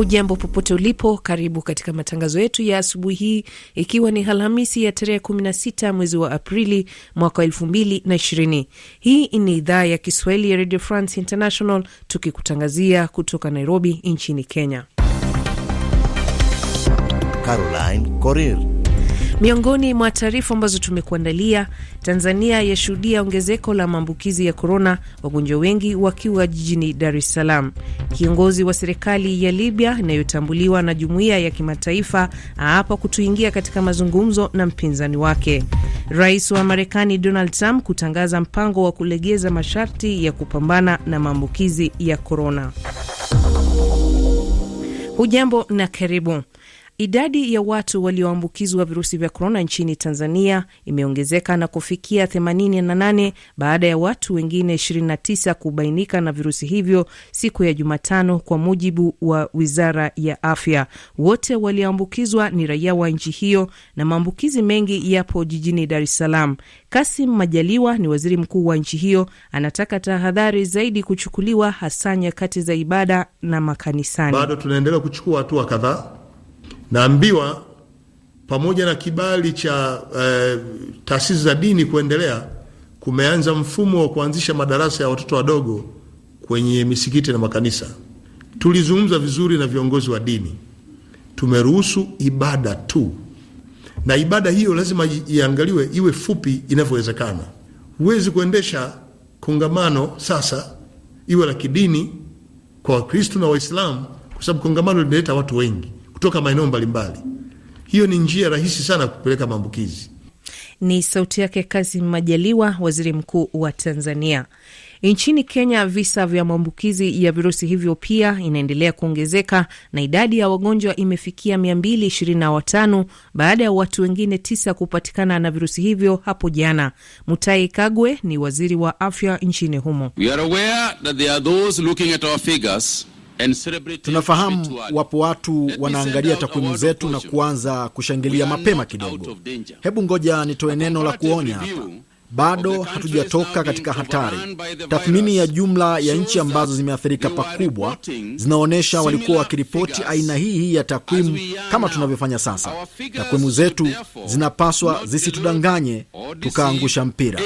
Hujambo popote ulipo, karibu katika matangazo yetu ya asubuhi hii, ikiwa ni Alhamisi ya tarehe 16 mwezi wa Aprili mwaka 220 Hii ni idhaa ya Kiswahili ya Radio France International, tukikutangazia kutoka Nairobi nchini Kenya. Caroline Coril Miongoni mwa taarifa ambazo tumekuandalia, Tanzania yashuhudia ongezeko la maambukizi ya korona, wagonjwa wengi wakiwa jijini Dar es Salaam. Kiongozi wa serikali ya Libya inayotambuliwa na jumuiya ya kimataifa aapa kutuingia katika mazungumzo na mpinzani wake. Rais wa Marekani Donald Trump kutangaza mpango wa kulegeza masharti ya kupambana na maambukizi ya korona. Hujambo na karibu. Idadi ya watu walioambukizwa virusi vya korona nchini Tanzania imeongezeka na kufikia 88 baada ya watu wengine 29 kubainika na virusi hivyo siku ya Jumatano, kwa mujibu wa wizara ya afya. Wote walioambukizwa ni raia wa nchi hiyo na maambukizi mengi yapo jijini Dar es Salaam. Kasim Majaliwa ni waziri mkuu wa nchi hiyo, anataka tahadhari zaidi kuchukuliwa hasa nyakati za ibada na makanisani. Bado tunaendelea kuchukua hatua kadhaa naambiwa pamoja na kibali cha e, taasisi za dini kuendelea, kumeanza mfumo wa kuanzisha madarasa ya watoto wadogo kwenye misikiti na makanisa. Tulizungumza vizuri na viongozi wa dini, tumeruhusu ibada tu, na ibada hiyo lazima iangaliwe iwe fupi inavyowezekana. Huwezi kuendesha kongamano sasa iwe la kidini kwa wakristu na Waislamu kwa sababu kongamano linaleta watu wengi kutoka maeneo mbalimbali. Hiyo ni njia rahisi sana kupeleka maambukizi. Ni sauti yake Kazim Majaliwa, waziri mkuu wa Tanzania. Nchini Kenya, visa vya maambukizi ya virusi hivyo pia inaendelea kuongezeka na idadi ya wagonjwa imefikia 225 baada ya watu wengine tisa kupatikana na virusi hivyo hapo jana. mutai Kagwe ni waziri wa afya nchini humo. We are aware that there are those looking at our figures Tunafahamu wapo watu wanaangalia takwimu zetu na kuanza kushangilia mapema kidogo. Hebu ngoja nitoe neno la kuonya hapa. Bado hatujatoka katika hatari. Tathmini ya jumla ya nchi ambazo zimeathirika pakubwa zinaonyesha walikuwa wakiripoti aina hii hii ya takwimu kama tunavyofanya sasa. Takwimu zetu zinapaswa zisitudanganye tukaangusha mpira.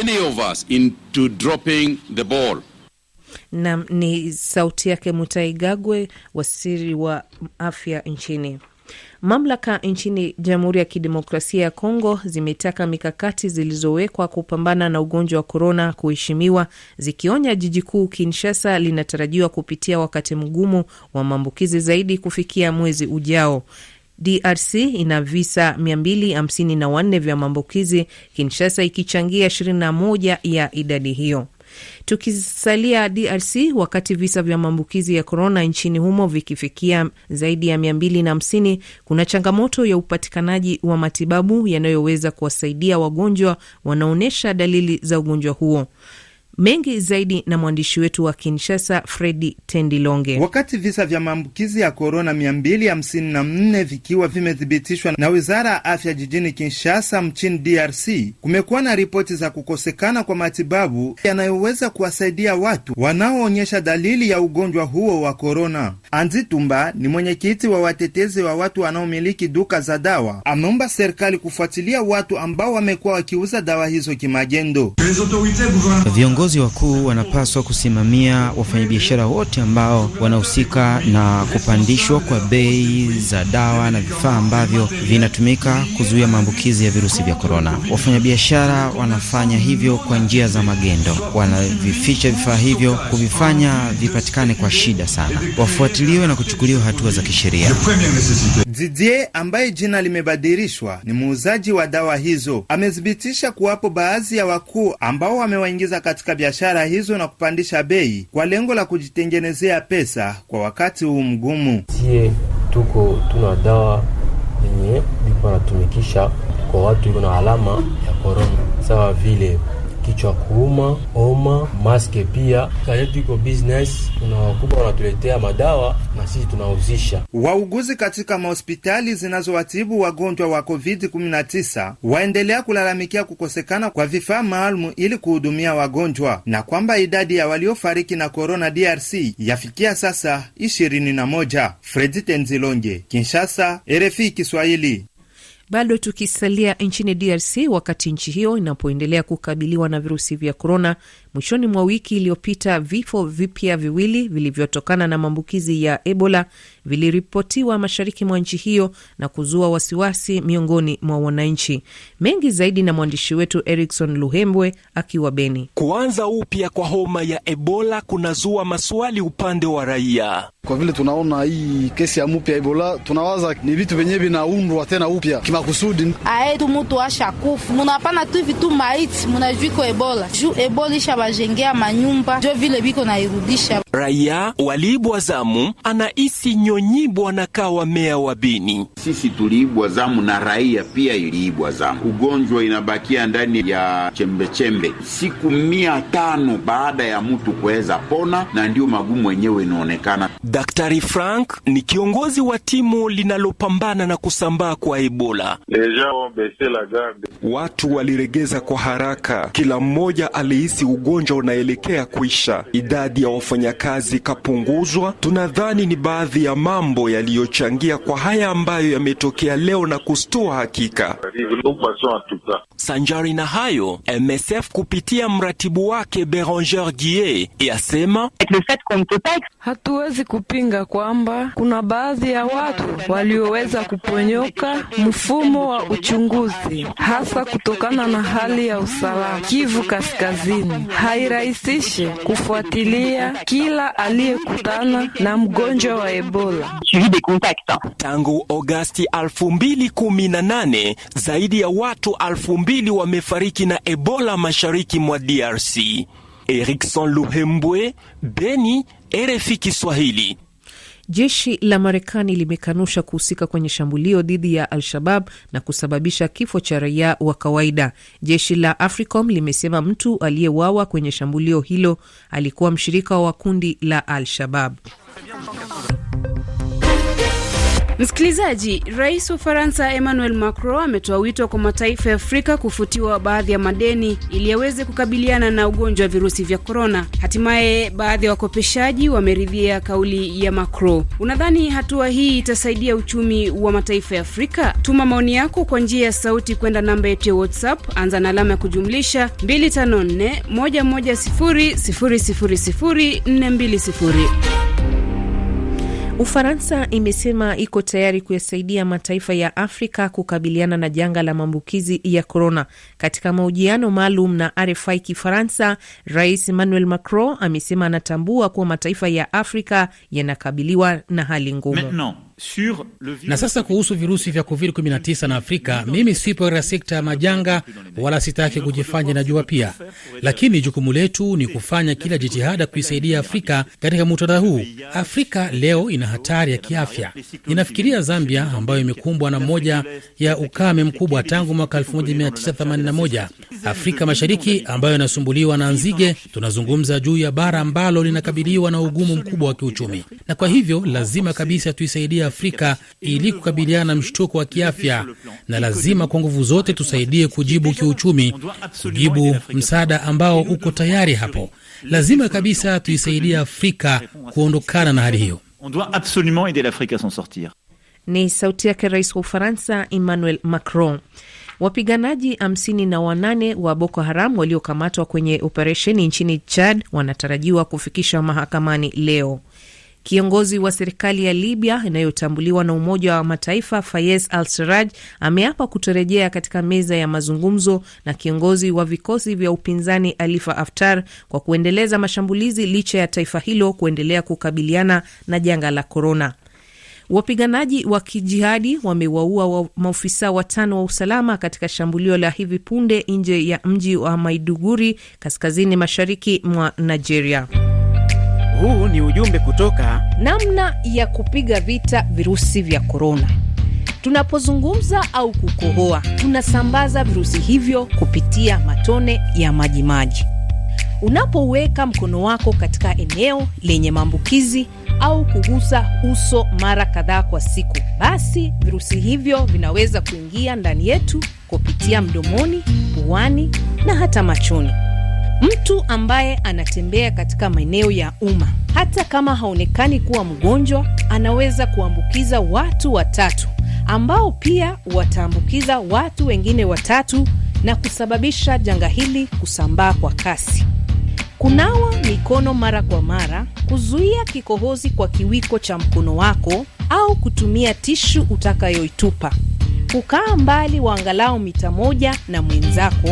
Nam ni sauti yake Mutaigagwe, waziri wa afya nchini. Mamlaka nchini Jamhuri ya Kidemokrasia ya Kongo zimetaka mikakati zilizowekwa kupambana na ugonjwa wa korona kuheshimiwa, zikionya jiji kuu Kinshasa linatarajiwa kupitia wakati mgumu wa maambukizi zaidi kufikia mwezi ujao. DRC ina visa 254 vya maambukizi, Kinshasa ikichangia 21 ya idadi hiyo. Tukisalia DRC, wakati visa vya maambukizi ya korona nchini humo vikifikia zaidi ya 250 kuna changamoto ya upatikanaji wa matibabu yanayoweza kuwasaidia wagonjwa wanaonyesha dalili za ugonjwa huo. Mengi zaidi na mwandishi wetu wa Kinshasa, Fredi Tendilonge. Wakati visa vya maambukizi ya korona 254 vikiwa vimethibitishwa na wizara ya afya jijini Kinshasa mchini DRC, kumekuwa na ripoti za kukosekana kwa matibabu yanayoweza kuwasaidia watu wanaoonyesha dalili ya ugonjwa huo wa korona. Anzi Tumba ni mwenyekiti wa watetezi wa watu wanaomiliki duka za dawa, ameomba serikali kufuatilia watu ambao wamekuwa wakiuza dawa hizo kimagendo. Viongozi wakuu wanapaswa kusimamia wafanyabiashara wote ambao wanahusika na kupandishwa kwa bei za dawa na vifaa ambavyo vinatumika kuzuia maambukizi ya virusi vya korona. Wafanyabiashara wanafanya hivyo kwa njia za magendo, wanavificha vifaa hivyo, kuvifanya vipatikane kwa shida sana, wafuatiliwe na kuchukuliwa hatua za kisheria. Didier ambaye jina limebadilishwa ni muuzaji wa dawa hizo amethibitisha kuwapo baadhi ya wakuu ambao wamewaingiza katika biashara hizo na kupandisha bei kwa lengo la kujitengenezea pesa kwa wakati huu mgumu. Sie tuko tuna dawa yenye iko natumikisha kwa watu iko na alama ya korona sawa vile kichwa kuuma, homa, maske pia. kayetu iko business, kuna wakubwa wanatuletea madawa na sisi tunauzisha. Wauguzi katika mahospitali zinazowatibu wagonjwa wa COVID-19 waendelea kulalamikia kukosekana kwa vifaa maalumu ili kuhudumia wagonjwa na kwamba idadi ya waliofariki na korona DRC yafikia sasa 21. Fredi Tenzilonge, Kinshasa, RFI Kiswahili. Bado tukisalia nchini DRC, wakati nchi hiyo inapoendelea kukabiliwa na virusi vya korona, Mwishoni mwa wiki iliyopita, vifo vipya viwili vilivyotokana na maambukizi ya Ebola viliripotiwa mashariki mwa nchi hiyo na kuzua wasiwasi miongoni mwa wananchi. Mengi zaidi na mwandishi wetu Erikson Luhembwe akiwa Beni. Kuanza upya kwa homa ya Ebola kunazua maswali upande wa raia. Kwa vile tunaona hii kesi ya mupya Ebola, tunawaza ni vitu vyenyewe vinaundwa tena upya kimakusudi. aetu mutu ashakufu munapana tu vitu maiti munajwiko Ebola juu Ebola isha kuwajengea manyumba, njo vile biko nairudisha. Raia waliibwa zamu anaisi nyonyibwa na kawa mea wa Beni sisi tuliibwa zamu na raia pia iliibwa zamu. Ugonjwa inabakia ndani ya chembechembe chembe. Siku mia tano baada ya mtu kuweza pona, na ndio magumu yenyewe inaonekana. Daktari Frank ni kiongozi wa timu linalopambana na kusambaa kwa Ebola. Watu waliregeza kwa haraka, kila mmoja alihisi ugonjwa unaelekea kuisha. Idadi ya wafanyakazi ikapunguzwa. Tunadhani ni baadhi ya mambo yaliyochangia kwa haya ambayo yametokea leo na kustoa hakika. Sanjari na hayo, MSF kupitia mratibu wake Beranger Guie yasema hatuwezi kupinga kwamba kuna baadhi ya watu walioweza kuponyoka mfumo wa uchunguzi, hasa kutokana na hali ya usalama Kivu Kaskazini. Hairahisishi kufuatilia kila aliyekutana na mgonjwa wa Ebola tangu oga Agasti 2018 zaidi ya watu 2000 wamefariki na Ebola mashariki mwa DRC. Erikson Luhembwe, Beni, RFI Kiswahili. Jeshi la Marekani limekanusha kuhusika kwenye shambulio dhidi ya Al-Shabab na kusababisha kifo cha raia wa kawaida. Jeshi la AFRICOM limesema mtu aliyewawa kwenye shambulio hilo alikuwa mshirika wa kundi la Al-Shabab. Msikilizaji, rais wa Faransa Emmanuel Macron ametoa wito kwa mataifa ya Afrika kufutiwa baadhi ya madeni ili yaweze kukabiliana na ugonjwa wa virusi vya korona. Hatimaye baadhi ya wakopeshaji wameridhia kauli ya Macron. Unadhani hatua hii itasaidia uchumi wa mataifa ya Afrika? Tuma maoni yako kwa njia ya sauti kwenda namba yetu ya WhatsApp, anza na alama ya kujumlisha 254 Ufaransa imesema iko tayari kuyasaidia mataifa ya Afrika kukabiliana na janga la maambukizi ya korona. Katika mahojiano maalum na RFI Kifaransa, Rais Emmanuel Macron amesema anatambua kuwa mataifa ya Afrika yanakabiliwa na hali ngumu. Na sasa kuhusu virusi vya COVID-19 na Afrika, mimi sipo katika sekta ya majanga wala sitaki kujifanya najua pia, lakini jukumu letu ni kufanya kila jitihada kuisaidia Afrika katika muktadha huu. Afrika leo ina hatari ya kiafya. Ninafikiria Zambia ambayo imekumbwa na moja ya ukame mkubwa tangu mwaka 1981, Afrika Mashariki ambayo inasumbuliwa na nzige. Tunazungumza juu ya bara ambalo linakabiliwa na ugumu mkubwa wa kiuchumi, na kwa hivyo lazima kabisa tuisaidia ya Afrika ili kukabiliana na mshtuko wa kiafya, na lazima kwa nguvu zote tusaidie kujibu kiuchumi, kujibu msaada ambao uko tayari hapo. Lazima kabisa tuisaidie Afrika kuondokana na hali hiyo. Ni sauti yake Rais wa Ufaransa Emmanuel Macron. Wapiganaji hamsini na wanane wa Boko Haram waliokamatwa kwenye operesheni nchini Chad wanatarajiwa kufikishwa mahakamani leo. Kiongozi wa serikali ya Libya inayotambuliwa na Umoja wa Mataifa Fayez al-Sarraj ameapa kutorejea katika meza ya mazungumzo na kiongozi wa vikosi vya upinzani alifa Haftar kwa kuendeleza mashambulizi licha ya taifa hilo kuendelea kukabiliana na janga la korona. Wapiganaji wa kijihadi wamewaua wa maofisa watano wa usalama katika shambulio la hivi punde nje ya mji wa Maiduguri kaskazini mashariki mwa Nigeria. Huu ni ujumbe kutoka namna ya kupiga vita virusi vya korona. Tunapozungumza au kukohoa, tunasambaza virusi hivyo kupitia matone ya majimaji. Unapoweka mkono wako katika eneo lenye maambukizi au kugusa uso mara kadhaa kwa siku, basi virusi hivyo vinaweza kuingia ndani yetu kupitia mdomoni, puani na hata machoni. Mtu ambaye anatembea katika maeneo ya umma, hata kama haonekani kuwa mgonjwa, anaweza kuambukiza watu watatu ambao pia wataambukiza watu wengine watatu na kusababisha janga hili kusambaa kwa kasi. Kunawa mikono mara kwa mara, kuzuia kikohozi kwa kiwiko cha mkono wako au kutumia tishu utakayoitupa, kukaa mbali wa angalau mita moja na mwenzako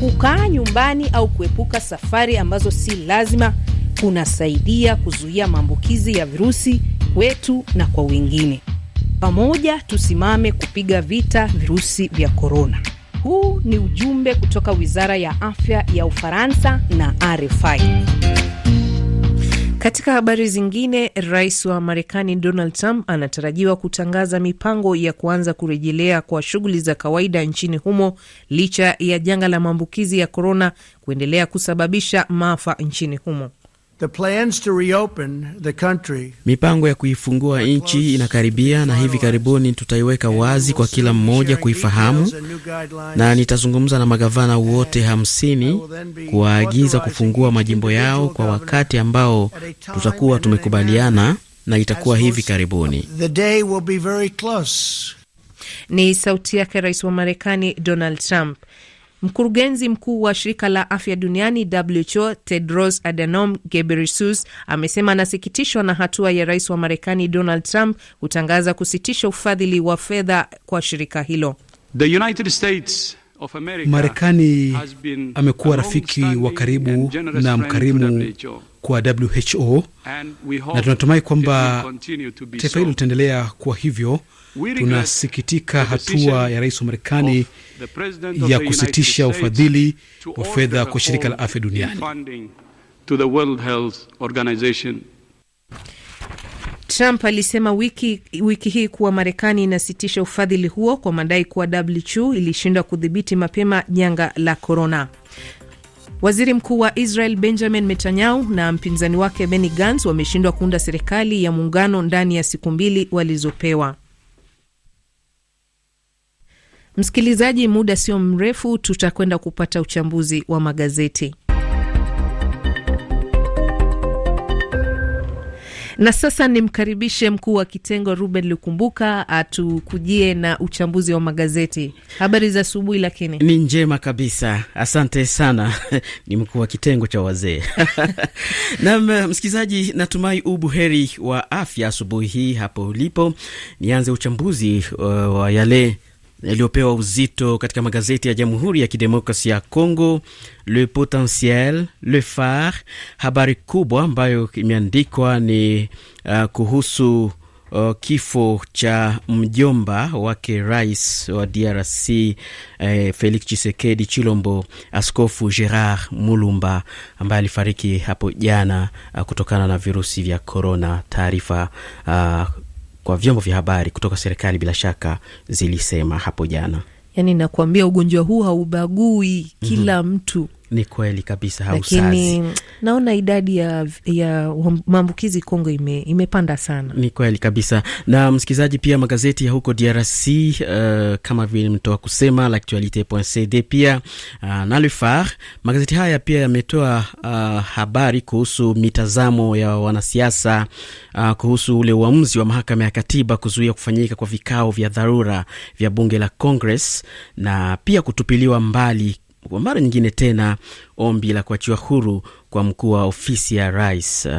Kukaa nyumbani au kuepuka safari ambazo si lazima kunasaidia kuzuia maambukizi ya virusi kwetu na kwa wengine. Pamoja tusimame kupiga vita virusi vya korona. Huu ni ujumbe kutoka Wizara ya Afya ya Ufaransa na RFI. Katika habari zingine, rais wa Marekani Donald Trump anatarajiwa kutangaza mipango ya kuanza kurejelea kwa shughuli za kawaida nchini humo licha ya janga la maambukizi ya korona kuendelea kusababisha maafa nchini humo. The plans to reopen the country, mipango ya kuifungua nchi inakaribia, na hivi karibuni tutaiweka wazi kwa kila mmoja kuifahamu, na nitazungumza na magavana wote hamsini kuwaagiza kufungua majimbo yao kwa wakati ambao tutakuwa tumekubaliana, na itakuwa hivi karibuni. Ni sauti yake Rais wa Marekani Donald Trump. Mkurugenzi mkuu wa shirika la afya duniani WHO Tedros Adhanom Ghebreyesus amesema anasikitishwa na hatua ya rais wa Marekani Donald Trump kutangaza kusitisha ufadhili wa fedha kwa shirika hilo. The United States Marekani amekuwa rafiki wa karibu na mkarimu kwa WHO na tunatumai kwamba taifa hilo litaendelea kuwa hivyo. Tunasikitika hatua ya rais wa Marekani ya kusitisha ufadhili wa fedha kwa shirika la afya duniani. Trump alisema wiki, wiki hii kuwa Marekani inasitisha ufadhili huo kwa madai kuwa WHO ilishindwa kudhibiti mapema janga la korona. Waziri mkuu wa Israel Benjamin Netanyahu na mpinzani wake Benny Gantz wameshindwa kuunda serikali ya muungano ndani ya siku mbili walizopewa. Msikilizaji, muda sio mrefu tutakwenda kupata uchambuzi wa magazeti. Na sasa nimkaribishe mkuu wa kitengo Ruben Lukumbuka atukujie na uchambuzi wa magazeti. Habari za asubuhi. Lakini ni njema kabisa, asante sana. Ni mkuu wa kitengo cha wazee nam. Msikilizaji, natumai ubuheri wa afya asubuhi hii hapo ulipo. Nianze uchambuzi uh, wa yale yaliyopewa uzito katika magazeti ya Jamhuri ya Kidemokrasia ya congo Le Potentiel, Le Phare. Habari kubwa ambayo imeandikwa ni uh, kuhusu uh, kifo cha mjomba wake rais wa DRC eh, Felix chisekedi Chilombo, Askofu Gerard Mulumba ambaye alifariki hapo jana uh, kutokana na virusi vya korona. Taarifa uh, kwa vyombo vya habari kutoka serikali bila shaka zilisema hapo jana. Yani nakuambia ugonjwa huu haubagui mhm. kila mm -hmm. mtu ni kweli kabisa, hausazi. Naona idadi ya, ya maambukizi Kongo ime, imepanda sana. Ni kweli kabisa. Na msikilizaji, pia magazeti ya huko DRC uh, kama vile mtoa kusema l'actualite.cd pia uh, na Le Phare, magazeti haya pia yametoa uh, habari kuhusu mitazamo ya wanasiasa uh, kuhusu ule uamuzi wa mahakama ya katiba kuzuia kufanyika kwa vikao vya dharura vya bunge la Congress na pia kutupiliwa mbali kwa mara nyingine tena ombi la kuachiwa huru kwa mkuu wa ofisi ya rais uh,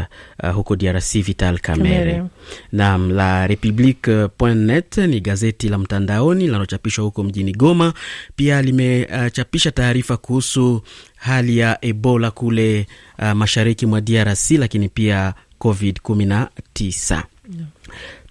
uh huko DRC Vital Kamerhe. Naam, la republique.net ni gazeti la mtandaoni linalochapishwa huko mjini Goma, pia limechapisha uh, taarifa kuhusu hali ya Ebola kule uh, mashariki mwa DRC, lakini pia COVID 19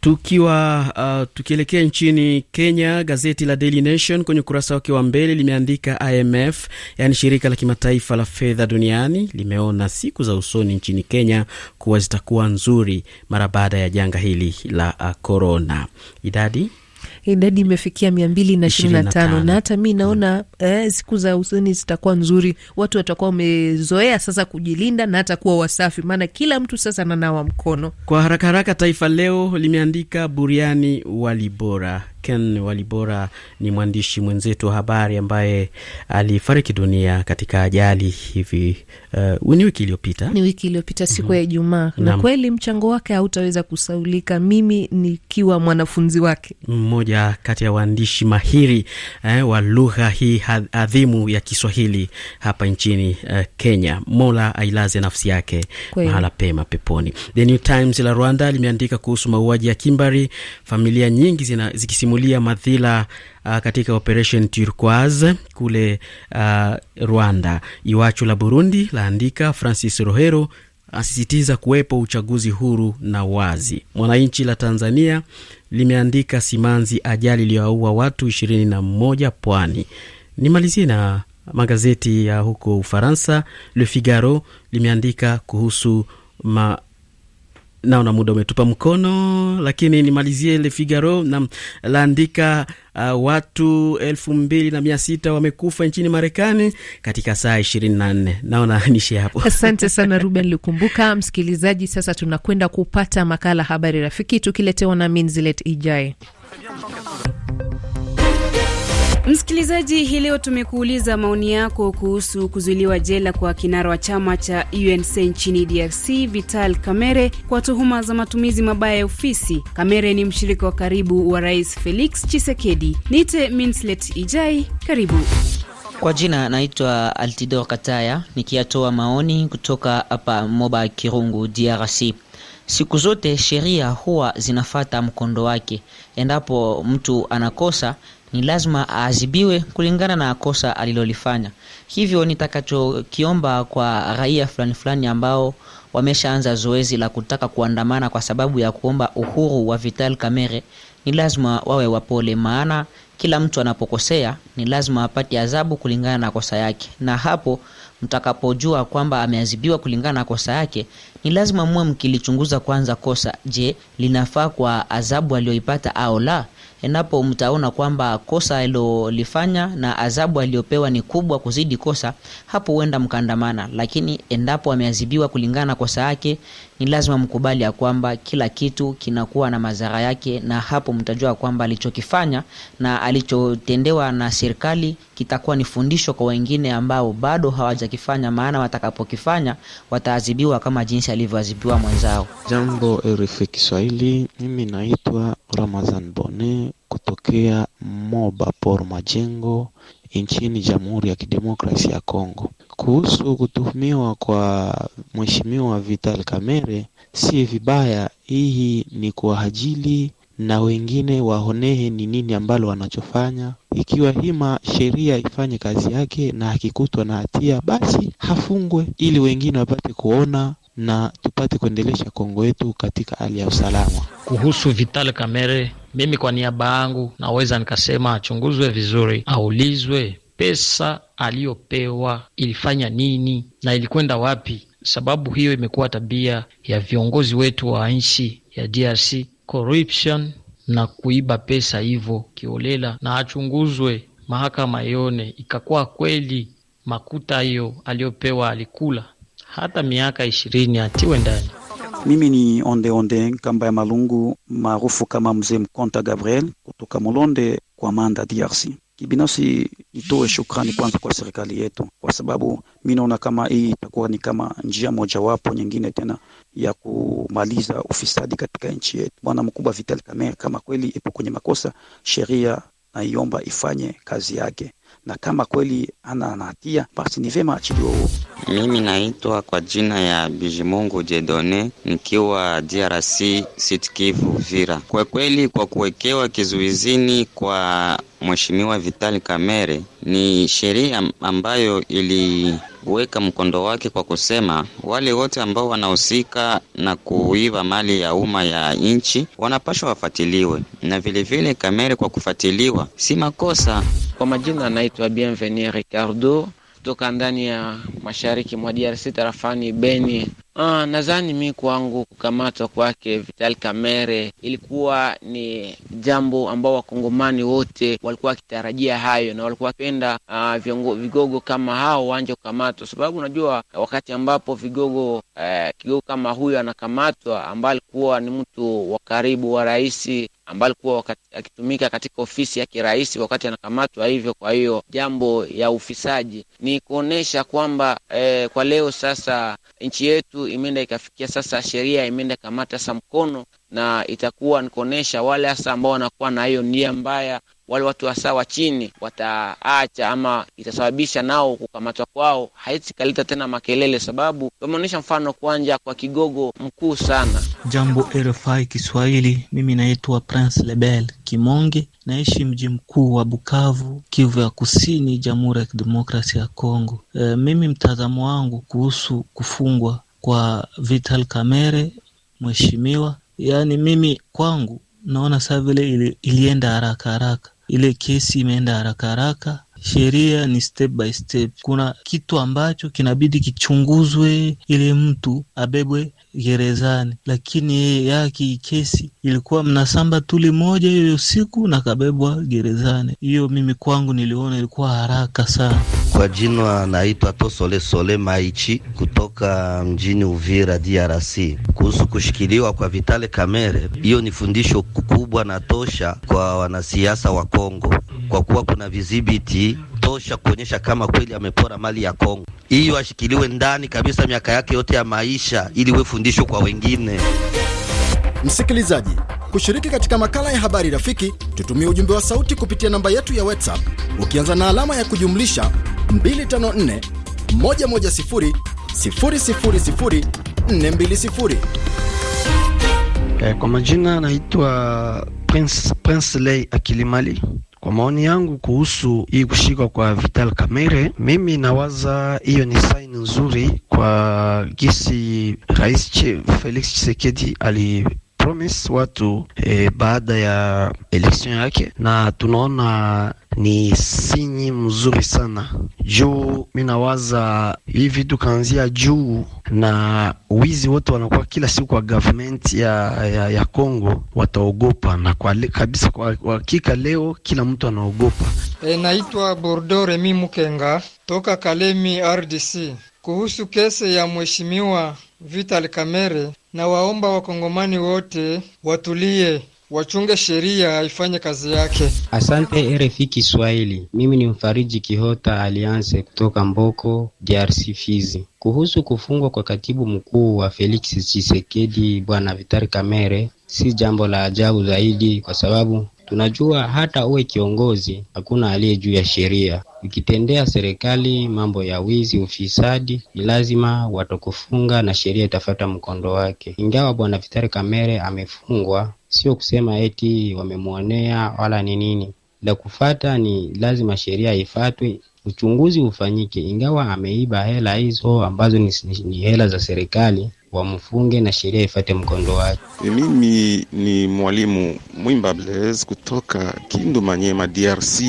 Tukiwa uh, tukielekea nchini Kenya, gazeti la Daily Nation kwenye ukurasa wake wa mbele limeandika IMF, yaani shirika la kimataifa la fedha duniani, limeona siku za usoni nchini Kenya kuwa zitakuwa nzuri mara baada ya janga hili la korona. Uh, idadi idadi imefikia mia mbili na ishirini na tano na hata mi naona mm. eh, siku za usoni zitakuwa nzuri, watu watakuwa wamezoea sasa kujilinda na hata kuwa wasafi, maana kila mtu sasa ananawa mkono kwa haraka haraka. Taifa Leo limeandika buriani wali bora Ken Walibora ni mwandishi mwenzetu wa habari ambaye alifariki dunia katika ajali hivi, uh, ni wiki iliyopita, ni wiki iliyopita siku mm -hmm. ya Ijumaa, na kweli mchango wake hautaweza kusaulika, mimi nikiwa mwanafunzi wake. Mmoja kati ya waandishi mahiri eh, wa lugha hii adhimu ya Kiswahili hapa nchini uh, Kenya. Mola ailaze nafsi yake kweli mahala pema peponi. The New Times la Rwanda limeandika kuhusu mauaji ya kimbari, familia nyingi zina, zikisimu kusimulia madhila uh, katika Operation Turquoise kule uh, Rwanda. Iwachu la Burundi laandika Francis Rohero asisitiza kuwepo uchaguzi huru na wazi. Mwananchi la Tanzania limeandika simanzi ajali iliyoua watu ishirini na mmoja pwani. Nimalizie na magazeti ya huko Ufaransa. Le Figaro limeandika kuhusu ma, Naona muda umetupa mkono, lakini nimalizie Le Figaro na laandika uh, watu elfu mbili na mia sita wamekufa nchini Marekani katika saa ishirini na nne. Naona nishi hapo. Asante sana Ruben Lukumbuka. Msikilizaji, sasa tunakwenda kupata makala Habari Rafiki, tukiletewa na Minzilet Ijai. Msikilizaji, hii leo tumekuuliza maoni yako kuhusu kuzuiliwa jela kwa kinara wa chama cha UNC nchini DRC Vital Kamerhe kwa tuhuma za matumizi mabaya ya ofisi. Kamerhe ni mshirika wa karibu wa Rais Felix Tshisekedi. Nite Minslet Ijai, karibu. Kwa jina naitwa Altidor Kataya nikiyatoa maoni kutoka hapa Moba Kirungu, DRC. Siku zote sheria huwa zinafata mkondo wake. Endapo mtu anakosa, ni lazima aadhibiwe kulingana na kosa alilolifanya. Hivyo nitakachokiomba kwa raia fulani fulani ambao wameshaanza zoezi la kutaka kuandamana kwa sababu ya kuomba uhuru wa Vital kamere ni lazima wawe wapole, maana kila mtu anapokosea ni lazima apate adhabu kulingana na kosa yake, na hapo mtakapojua kwamba ameadhibiwa kulingana na kosa yake, ni lazima muwe mkilichunguza kwanza kosa. Je, linafaa kwa adhabu aliyoipata au la? endapo mtaona kwamba kosa alilolifanya na adhabu aliyopewa ni kubwa kuzidi kosa, hapo huenda mkaandamana. Lakini endapo ameadhibiwa kulingana na kosa yake, ni lazima mkubali ya kwamba kila kitu kinakuwa na madhara yake, na hapo mtajua kwamba alichokifanya na alichotendewa na serikali kitakuwa ni fundisho kwa wengine ambao bado hawajakifanya, maana watakapokifanya wataadhibiwa kama jinsi alivyoadhibiwa mwenzao. Jambo rf Kiswahili, mimi naitwa Ramazan Bone kutokea Moba Por Majengo nchini Jamhuri ya kidemokrasi ya congo kuhusu kutuhumiwa kwa Mheshimiwa Vital Kamerhe si vibaya, hii ni kuwahajili na wengine waonehe ni nini ambalo wanachofanya. Ikiwa hima sheria ifanye kazi yake, na akikutwa na hatia basi hafungwe, ili wengine wapate kuona na tupate kuendelesha Kongo yetu katika hali ya usalama. Kuhusu Vital Kamerhe, mimi kwa niaba yangu naweza nikasema achunguzwe vizuri, aulizwe pesa aliyopewa ilifanya nini na ilikwenda wapi? Sababu hiyo imekuwa tabia ya viongozi wetu wa nchi ya DRC, corruption na kuiba pesa hivyo kiolela, na achunguzwe, mahakama ione ikakuwa kweli makuta hiyo aliyopewa alikula, hata miaka ishirini atiwe ndani. Mimi ni Onde Onde kamba ya Malungu, maarufu kama Mzee Mkonta Gabriel, kutoka Mulonde kwa Manda, DRC. Kibinafsi nitoe shukrani kwanza kwa serikali yetu, kwa sababu mi naona kama hii itakuwa ni kama njia mojawapo nyingine tena ya kumaliza ufisadi katika nchi yetu. Bwana mkubwa Vital Kamerhe kama kweli ipo kwenye makosa, sheria naiomba ifanye kazi yake, na kama kweli ana anahatia, basi ni vyema achiliwe huo. Mimi naitwa kwa jina ya Bijimungu Jedone nikiwa DRC Sud Kivu Kwa kweli kwa kuwekewa kizuizini kwa Mheshimiwa Vitali Kamere ni sheria ambayo iliweka mkondo wake kwa kusema wale wote ambao wanahusika na kuiba mali ya umma ya nchi wanapaswa wafatiliwe, na vilevile vile Kamere kwa kufatiliwa si makosa. Kwa majina anaitwa Bienvenu Ricardo kutoka ndani ya mashariki mwa DRC tarafani Beni. Ah, nadhani mi kwangu kukamatwa kwake Vital Kamerhe ilikuwa ni jambo ambao wakongomani wote walikuwa wakitarajia hayo, na walikuwa wakipenda ah, vigogo kama hao wanje kukamatwa, sababu unajua wakati ambapo vigogo eh, kigogo kama huyo anakamatwa ambaye alikuwa ni mtu wa karibu wa rais ambayo alikuwa akitumika katika ofisi yake rais wakati anakamatwa. Hivyo kwa hiyo jambo ya ufisaji ni kuonesha kwamba eh, kwa leo sasa nchi yetu imeenda ikafikia sasa sheria imeenda kamata sa mkono na itakuwa ni kuonesha wale hasa ambao wanakuwa na hiyo nia mbaya wale watu hasa wa chini wataacha, ama itasababisha nao kukamatwa kwao haitikaleta tena makelele, sababu wameonyesha mfano kuanja kwa kigogo mkuu sana. Jambo RFI Kiswahili, mimi naitwa Prince Lebel Kimonge, naishi mji mkuu wa Bukavu, Kivu ya Kusini, Jamhuri ya Kidemokrasia ya Kongo. E, mimi mtazamo wangu kuhusu kufungwa kwa Vital Kamerhe mheshimiwa, yaani mimi kwangu naona saa vile ili, ilienda haraka haraka ile kesi imeenda haraka haraka. Sheria ni step by step. Kuna kitu ambacho kinabidi kichunguzwe ili mtu abebwe gerezani, lakini yeye yake kesi ilikuwa mnasamba tuli moja hiyo siku na kabebwa gerezani. Hiyo mimi kwangu niliona ilikuwa haraka sana. Kwa jina naitwa Tosole Sole Maichi kutoka mjini Uvira, DRC. Kuhusu kushikiliwa kwa Vitale Kamere, hiyo ni fundisho kubwa na tosha kwa wanasiasa wa Kongo, kwa kuwa kuna vizibiti tosha kuonyesha kama kweli amepora mali ya Kongo. Hiyo ashikiliwe ndani kabisa miaka yake yote ya maisha, ili we fundisho kwa wengine. Msikilizaji, kushiriki katika makala ya habari rafiki, tutumie ujumbe wa sauti kupitia namba yetu ya WhatsApp ukianza na alama ya kujumlisha 254 110 000 420. kwa majina naitwa Prince, Prince Lei Akilimali. Kwa maoni yangu kuhusu hii kushikwa kwa Vital Kamerhe, mimi nawaza hiyo ni saini nzuri kwa gisi Rais Felix Tshisekedi ali Promise watu eh, baada ya election yake, na tunaona ni sinyi mzuri sana juu minawaza hii vitu kaanzia juu na wizi wote wanakuwa kila siku kwa government ya, ya, ya Kongo wataogopa na kwa le, kabisa kwa hakika leo kila mtu anaogopa. E, naitwa Bordo Remi Mukenga toka Kalemi RDC kuhusu kesi ya mheshimiwa Vital Kamerhe na waomba wakongomani wote watulie wachunge sheria ifanye kazi yake. Asante RFI Kiswahili, mimi ni Mfariji Kihota Alianse kutoka Mboko, DRC Fizi. Kuhusu kufungwa kwa katibu mkuu wa Felix Tshisekedi, bwana Vital Kamerhe, si jambo la ajabu zaidi, kwa sababu Tunajua hata uwe kiongozi, hakuna aliye juu ya sheria. Ukitendea serikali mambo ya wizi, ufisadi, ni lazima watakufunga na sheria itafuata mkondo wake. Ingawa bwana Vitari Kamere amefungwa, sio kusema eti wamemwonea wala ni nini. La kufata ni lazima sheria ifatwe, uchunguzi ufanyike. Ingawa ameiba hela hizo ambazo ni, ni hela za serikali, wamfunge na sheria ifate mkondo wake. E, mimi ni mwalimu Mwimba Blaise kutoka Kindu Manyema, DRC.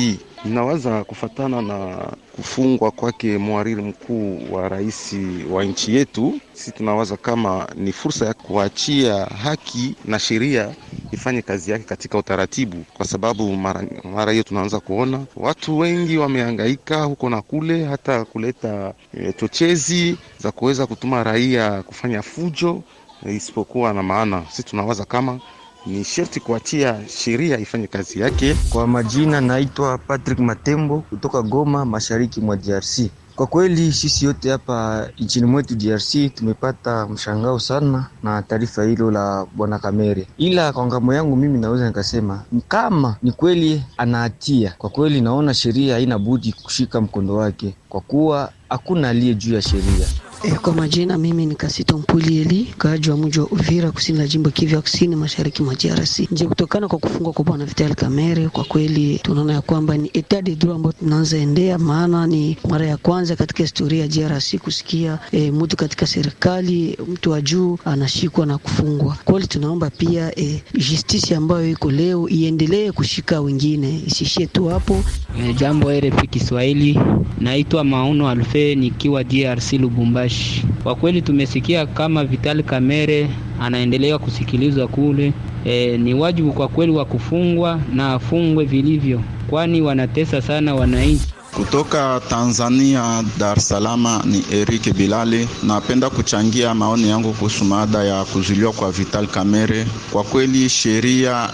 Nawaza kufatana na kufungwa kwake mwariri mkuu wa rais wa nchi yetu, sisi tunawaza kama ni fursa ya kuachia haki na sheria ifanye kazi yake katika utaratibu, kwa sababu mara mara hiyo tunaanza kuona watu wengi wamehangaika huko na kule, hata kuleta e, chochezi za kuweza kutuma raia kufanya fujo e, isipokuwa na maana. Sisi tunawaza kama ni sherti kuachia sheria ifanye kazi yake. Kwa majina, naitwa Patrick Matembo kutoka Goma, mashariki mwa DRC. Kwa kweli sisi yote hapa nchini mwetu DRC tumepata mshangao sana na taarifa hilo la bwana Kamere, ila kwa ngamo yangu mimi naweza nikasema kama ni kweli anahatia kwa kweli naona sheria haina budi kushika mkondo wake, kwa kuwa hakuna aliye juu ya sheria. E, kwa majina mimi ni Kasito Mpuli Eli, kaaji wa mji wa Uvira kusini la jimbo Kivu ya kusini mashariki mwa DRC. Je, kutokana kwa kufungwa kwa bwana Vital Kamerhe, kwa kweli tunaona ya kwamba ni etat de droit ambayo tunaanza endea, maana ni mara ya kwanza katika historia ya DRC kusikia e, mtu katika serikali mtu wa juu anashikwa na kufungwa. Kweli tunaomba pia e, justice ambayo iko leo iendelee kushika wengine, isishie tu hapo. E, jambo RFI Kiswahili, naitwa Mauno Alfe nikiwa DRC Lubumbashi. Lubumbashi. Kwa kweli tumesikia kama Vital Kamere anaendelea kusikilizwa kule. E, ni wajibu kwa kweli wa kufungwa na afungwe vilivyo, kwani wanatesa sana wananchi. Kutoka Tanzania, Dar es Salaam ni Eric Bilali. Napenda kuchangia maoni yangu kuhusu mada ya kuzuiliwa kwa Vital Kamerhe. Kwa kweli sheria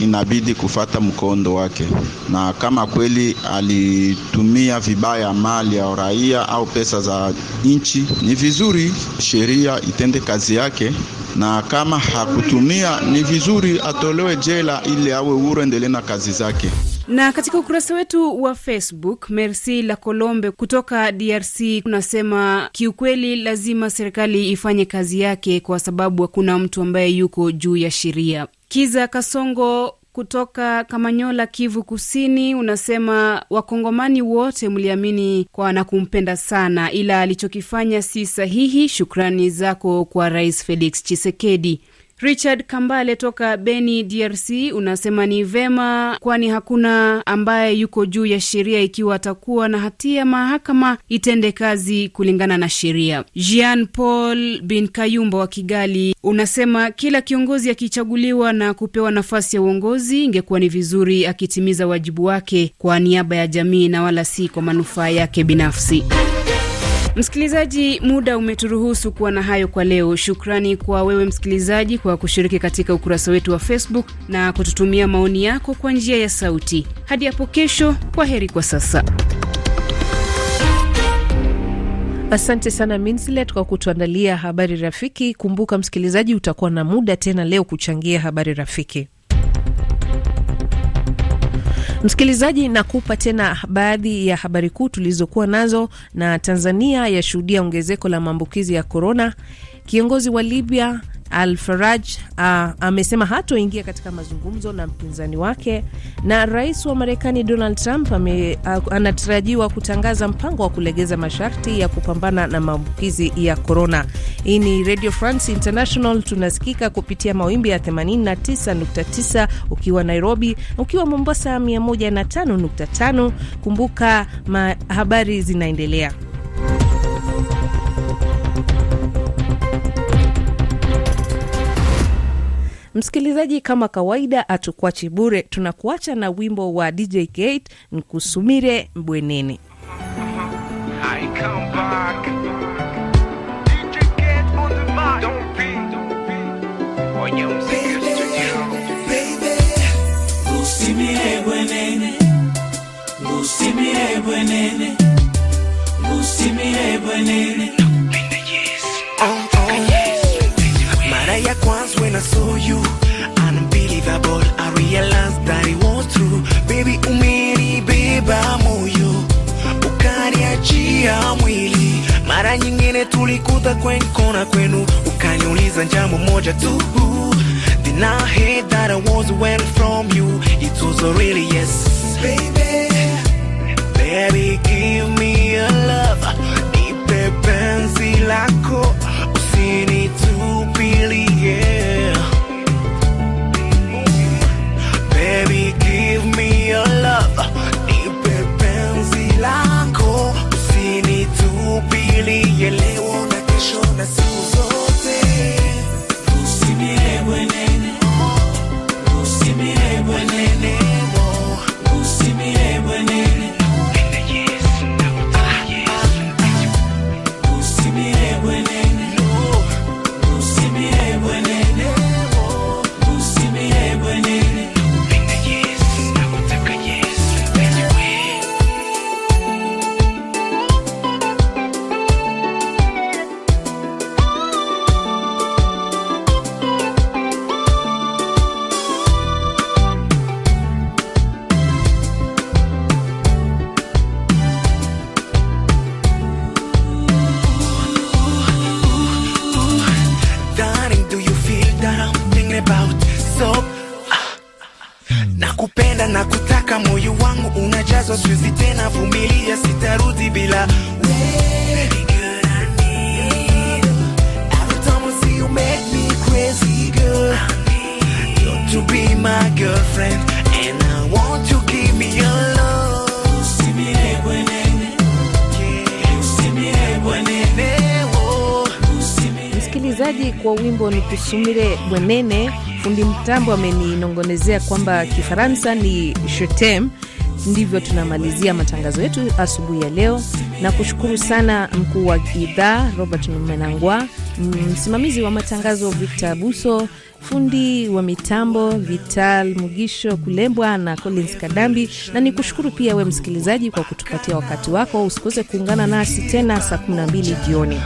inabidi kufata mkondo wake, na kama kweli alitumia vibaya mali ya raia au pesa za nchi, ni vizuri sheria itende kazi yake na kama hakutumia ni vizuri atolewe jela ili awe huru endelee na kazi zake. Na katika ukurasa wetu wa Facebook, Merci la Colombe kutoka DRC unasema kiukweli, lazima serikali ifanye kazi yake kwa sababu hakuna mtu ambaye yuko juu ya sheria. Kiza Kasongo kutoka Kamanyola, Kivu Kusini, unasema wakongomani wote mliamini kwa na kumpenda sana, ila alichokifanya si sahihi. Shukrani zako kwa Rais Felix Chisekedi. Richard Kambale toka Beni, DRC, unasema ni vema, kwani hakuna ambaye yuko juu ya sheria. Ikiwa atakuwa na hatia, mahakama itende kazi kulingana na sheria. Jean Paul Bin Kayumba wa Kigali unasema kila kiongozi akichaguliwa na kupewa nafasi ya uongozi, ingekuwa ni vizuri akitimiza wajibu wake kwa niaba ya jamii na wala si kwa manufaa yake binafsi. Msikilizaji, muda umeturuhusu kuwa na hayo kwa leo. Shukrani kwa wewe msikilizaji kwa kushiriki katika ukurasa wetu wa Facebook na kututumia maoni yako kwa njia ya sauti. Hadi hapo kesho, kwa heri kwa sasa. Asante sana Minslet kwa kutuandalia habari rafiki. Kumbuka msikilizaji, utakuwa na muda tena leo kuchangia habari rafiki. Msikilizaji, nakupa tena baadhi ya habari kuu tulizokuwa nazo. Na Tanzania yashuhudia ongezeko la maambukizi ya korona. Kiongozi wa Libya Al-Faraj uh, amesema hatoingia katika mazungumzo na mpinzani wake, na rais wa Marekani Donald Trump ame, uh, anatarajiwa kutangaza mpango wa kulegeza masharti ya kupambana na maambukizi ya korona. Hii ni Radio France International, tunasikika kupitia mawimbi ya 89.9 ukiwa Nairobi, ukiwa Mombasa 105.5. Kumbuka habari zinaendelea. Msikilizaji, kama kawaida, atukuachi bure, tunakuacha na wimbo wa DJ gate Nkusumire Mbwenene. bwenene when I saw you Unbelievable, I realized that it was true Baby umenibeba moyo Ukaniachia mwili Mara nyingine tulikuta kwenkona kona kwenu Ukaniuliza jambo moja tu Then I hate that I was away from you It was a really yes Baby Baby give me a love Nipe penzi lako believe love Nakupenda na kutaka moyo wangu unajazwa, siwezi tena vumilia, sitarudi bila girlfriend and I want you give me your love. uigizaji kwa wimbo ni Kusumire Bwenene. Fundi mtambo ameninongonezea kwamba Kifaransa ni shetem. Ndivyo tunamalizia matangazo yetu asubuhi ya leo, na kushukuru sana mkuu wa idhaa Robert Menangwa, msimamizi wa matangazo Victor Buso, fundi wa mitambo Vital Mugisho Kulembwa na Collins Kadambi, na ni kushukuru pia we msikilizaji kwa kutupatia wakati wako. Usikose kuungana nasi tena saa 12 jioni.